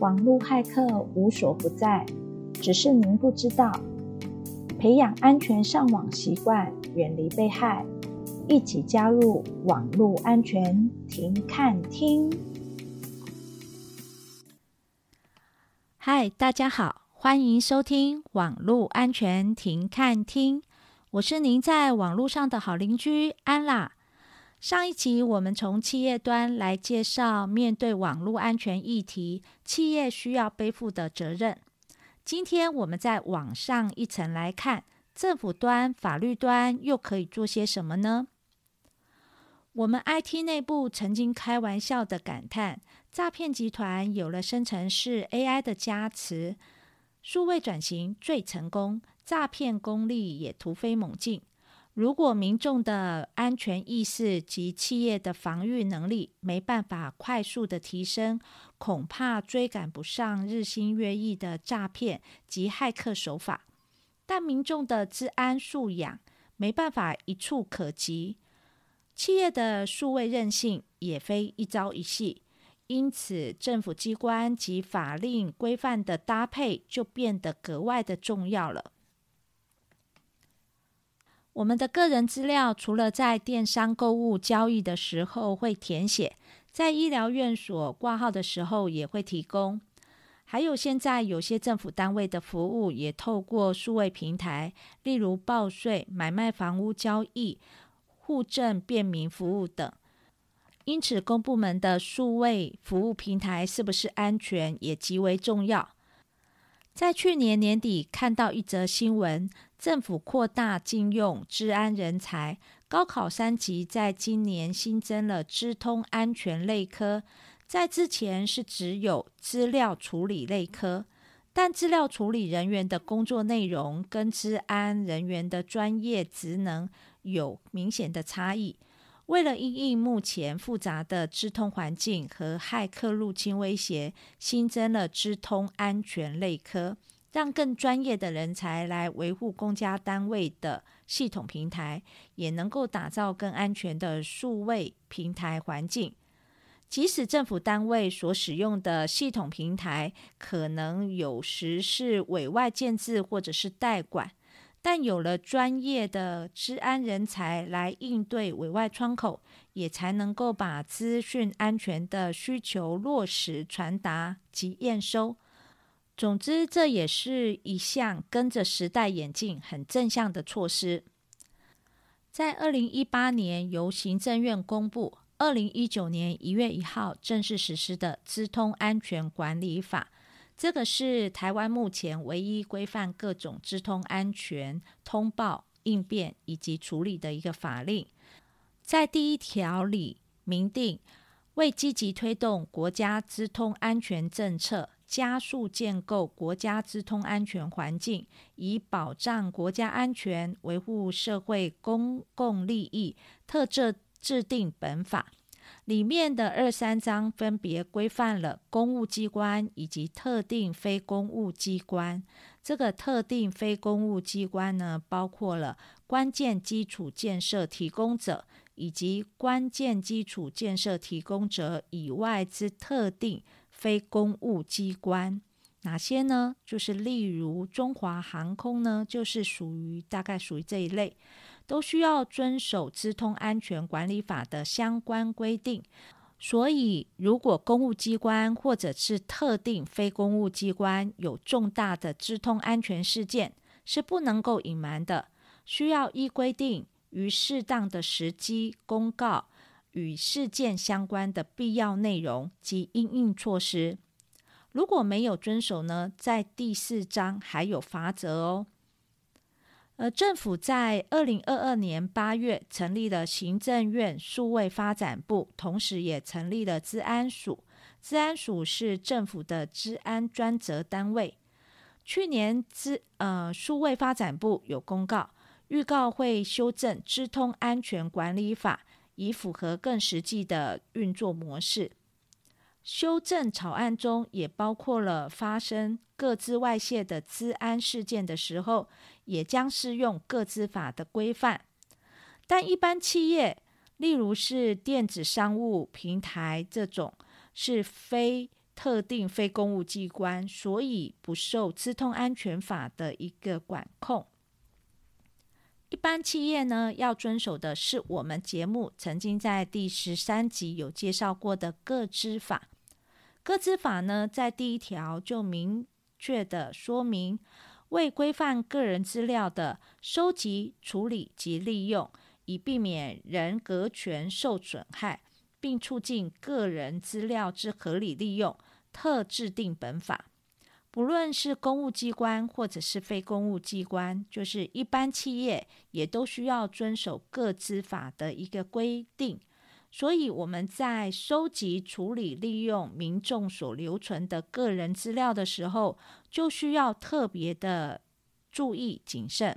網絡駭客無所不在，只是您不知道。培養安全上網習慣，遠離被害，一起加入網絡安全停看聽。嗨，大家好，歡迎收聽網絡安全停看聽。我是您在網絡上的好鄰居安啦。Anna 上一集我們從企業端來介紹，面對網絡安全議題，企業需要背負的責任。今天我們再往上一層來看，政府端、法律端又可以做些什麼呢？我們 IT 內部曾經開玩笑地感嘆，詐騙集團有了生成式 AI 的加持，數位轉型最成功，詐騙功力也突飛猛進。如果民眾的安全意識及企業的防禦能力沒辦法快速的提升，恐怕追趕不上日新月異的詐騙及駭客手法。但民眾的資安素養沒辦法一觸可及，企業的數位韌性也非一朝一夕，因此政府機關及法令規範的搭配就變得格外的重要了。我們的個人資料除了在電商購物交易的時候會填寫，在醫療院所掛號的時候也會提供，還有現在有些政府單位的服務也透過數位平台，例如報稅、買賣房屋交易、戶政便民服務等。因此，公部門的數位服務平台是不是安全，也極為重要。在去年年底看到一則新聞，政府擴大聘用資安人才，高考三級在今年新增了資通安全類科，在之前是只有資料處理類科，但資料處理人員的工作內容跟資安人員的專業職能有明顯的差異。為了因應目前複雜的資通環境和駭客入侵威脅，新增了資通安全類科，讓更專業的人才來維護公家單位的系統平台，也能夠打造更安全的數位平台環境。即使政府單位所使用的系統平台，可能有時是委外建置或者是代管。但有了專業的資安人才來應對委外窗口，也才能夠把資訊安全的需求落實、傳達及驗收。總之，這也是一項跟着時代演進很正向的措施。在二零一八年由行政院公布，二零一九年一月一號正式實施的《資通安全管理法》。這個是台灣目前唯一規範各種資通安全通報、應變以及處理的一個法令。在第一條裡明定，為積極推動國家資通安全政策，加速建構國家資通安全環境，以保障國家安全、維護社會公共利益，特制制定本法。裡面的二三章分別規範了公務機關以及特定非公務機關。這個特定非公務機關呢，包括了關鍵基礎建設提供者以及關鍵基礎建設提供者以外之特定非公務機關。哪些呢？就是例如中華航空呢，就是屬於大概屬於這一類。都需要遵守《資通安全管理法》的相關規定。所以，如果公務機關或者是特定非公務機關有重大的資通安全事件，是不能夠隱瞞的，需要依規定於適當的時機公告與事件相關的必要內容及因應措施。如果沒有遵守呢，在第四章還有罰則哦。呃，政府在二零二二年八月成立了行政院數位發展部，同時也成立了資安署。資安署是政府的資安專責單位。去年資，呃數位發展部有公告，預告會修正《資通安全管理法》，以符合更實際的運作模式。修正草案中也包括了發生個資外洩的資安事件的時候，也將適用個資法的規範。但一般企業，例如是電子商務平台這種，是非特定非公務機關，所以不受資通安全法的一個管控。一般企業呢，要遵守的是我們節目曾經在第十三集有介紹過的個資法。個資法呢，在第一條就明確地說明，為規範個人資料的收集、處理及利用，以避免人格權受損害，並促進個人資料之合理利用，特制定本法。不論是公務機關或者是非公務機關，就是一般企業，也都需要遵守個資法的一個規定。所以我們在收集、處理、利用民眾所留存的個人資料的時候，就需要特別的注意謹慎。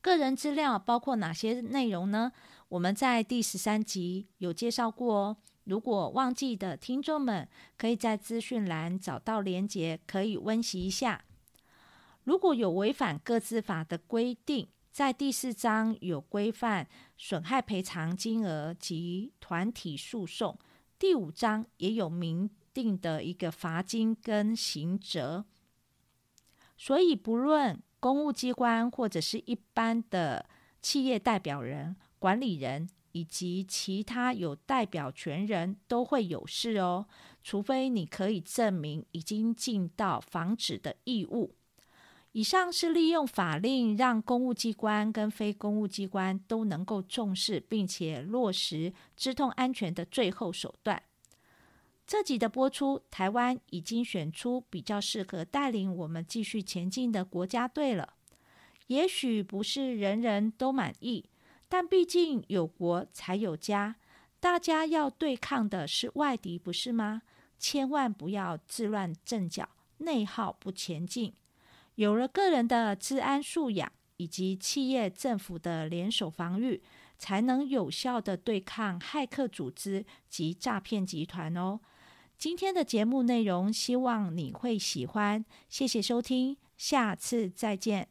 個人資料包括哪些內容呢？我們在第十三集有介紹過哦。如果忘記的聽眾們，可以在資訊欄找到連結，可以溫習一下。如果有違反個資法的規定，在第四章有規範損害賠償金額及團體訴訟，第五章也有明定的一個罰金跟刑責。所以，不論公務機關或者是一般的企業代表人、管理人。以及其他有代表權人都會有事哦，除非你可以證明已經盡到防止的義務。以上是利用法令讓公務機關跟非公務機關都能夠重視並且落實資通安全的最後手段。這集的播出，台灣已經選出比較適合帶領我們繼續前進的國家隊了，也許不是人人都滿意。但畢竟有國才有家，大家要對抗的是外敵，不是嗎？千萬不要自亂陣腳，內耗不前進。有了個人的資安素養以及企業、政府的聯手防御，才能有效地對抗駭客組織及詐騙集團哦。今天的節目內容，希望你會喜歡。謝謝收聽，下次再見。